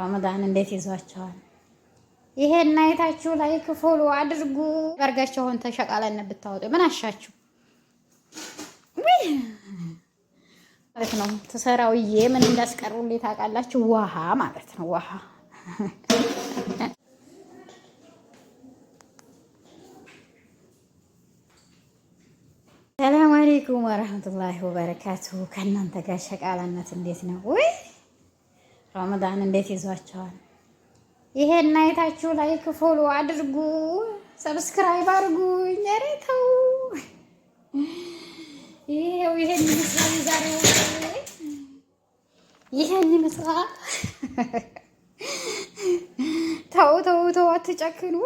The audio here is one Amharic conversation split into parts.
ረመዳን እንዴት ይዟቸዋል? ይሄን አይታችሁ ላይክ ፎሎ አድርጉ። በርጋቸውን ተሸቃለን ብታወጡ ምን አሻችሁ ማለት ነው። ትሰራውዬ ምን እንዳስቀሩልኝ ታውቃላችሁ? ውሃ ማለት ነው ውሃ አለይኩም ወረህመቱላሂ ወበረካቱ። ከእናንተ ጋር ሸቃላነት እንዴት ነው? ወይ ረመዳን እንዴት ይዟቸዋል? ይሄን አይታችሁ ላይክ ፎሎ አድርጉ፣ ሰብስክራይብ አድርጉ። ኧረ ተው። ይሄው ይሄን ይመስላል ዛሬው፣ ይሄን ይመስላል። ተው ተው ተው፣ አትጨክኑ።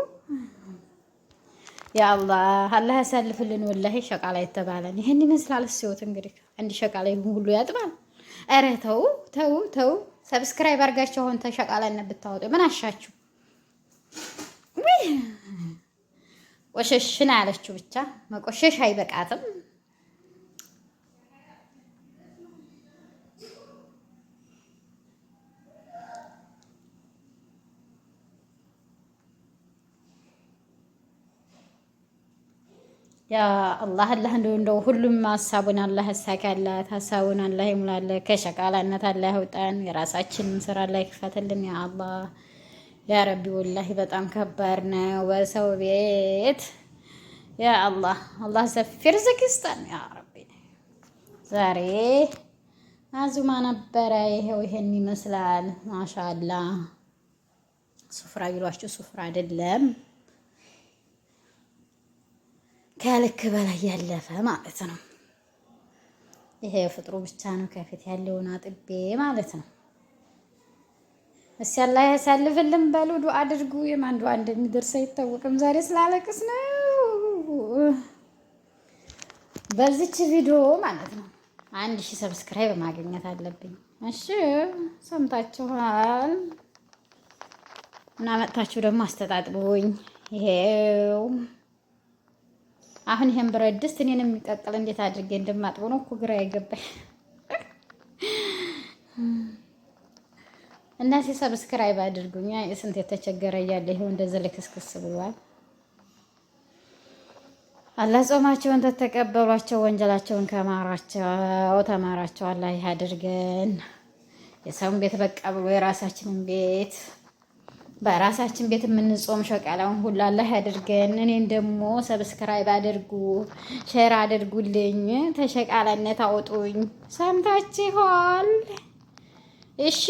የአላህ አላህ ያሳልፍልን። ወላሂ ሸቃላ የተባለን ይህን ይመስላል። ሲወት እንግዲህ አንድ ሸቃላ ይሁን ሁሉ ያጥባል። ኧረ ተው ተው ተው። ሰብስክራይብ አድርጋችሁ አሁን ተሸቃላነት ብታወጡ ምን አሻችሁ? ወይ ቆሸሽን ብቻ መቆሸሽ አይበቃትም። አላህ አላህ እንደው እንደው ሁሉም ሀሳቡን አላህ ያሳካላት፣ ሀሳቡን አላህ ይሙላለ፣ ከሸቃላነት አላህ ያውጣን፣ የራሳችንን ስራ አላህ ክፈትልን። ያ አላህ ያ ረቢ ወላሂ በጣም ከባድ ነው በሰው ቤት። ያ አላህ አላህ ሰፊ ርዝቅ ይስጠን ያ ረቢ። ዛሬ አዙማ ነበረ። ይሄው ይሄን ይመስላል። ማሻአላህ ሱፍራ ይሏቸው ሱፍራ አይደለም ከልክ በላይ ያለፈ ማለት ነው። ይሄ ፍጥሩ ብቻ ነው ከፊት ያለውን አጥቤ ማለት ነው። እስኪ አላህ ያሳልፍልን በሉ፣ ዱዓ አድርጉ። የማን ዱዓ እንደሚደርስ አይታወቅም። ዛሬ ስላለቅስ ነው በዚች ቪዲዮ ማለት ነው። አንድ ሺህ ሰብስክራይብ ማግኘት አለብኝ። እሺ ሰምታችኋል። እና መጥታችሁ ደግሞ አስተጣጥቦኝ ይሄው አሁን ይሄን ብረት ድስት እኔን የሚቀቅል እንዴት አድርጌ እንደማጥበው ነው እኮ ግራ የገባኝ። እና ሰብስክራይብ አድርጉኝ። ስንት የተቸገረ እያለ ይሄው እንደዚህ ልክስክስ ብሏል። አላህ ጾማቸውን ተተቀበሏቸው፣ ወንጀላቸውን ከማራቸው ተማራቸው። አላህ ያድርገን የሰውን ቤት በቃ ብሎ የራሳችንን ቤት በራሳችን ቤት የምንጾም ሸቀላውን ሁሉ አላህ ያድርገን። እኔን ደግሞ ሰብስክራይብ አድርጉ፣ ሼር አድርጉልኝ፣ ተሸቃላነት አውጡኝ። ሰምታችኋል? እሺ።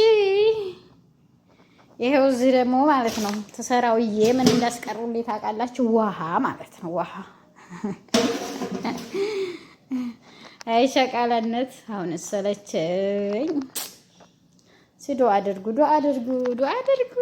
ይሄው እዚህ ደግሞ ማለት ነው ተሰራውዬ ምን እንዳስቀሩልኝ ታውቃላችሁ? ውሃ ማለት ነው ውሃ። አይ ሸቃላነት አሁን ሰለቸኝ። ሲዶ አድርጉ፣ ዶ አድርጉ፣ ዶ አድርጉ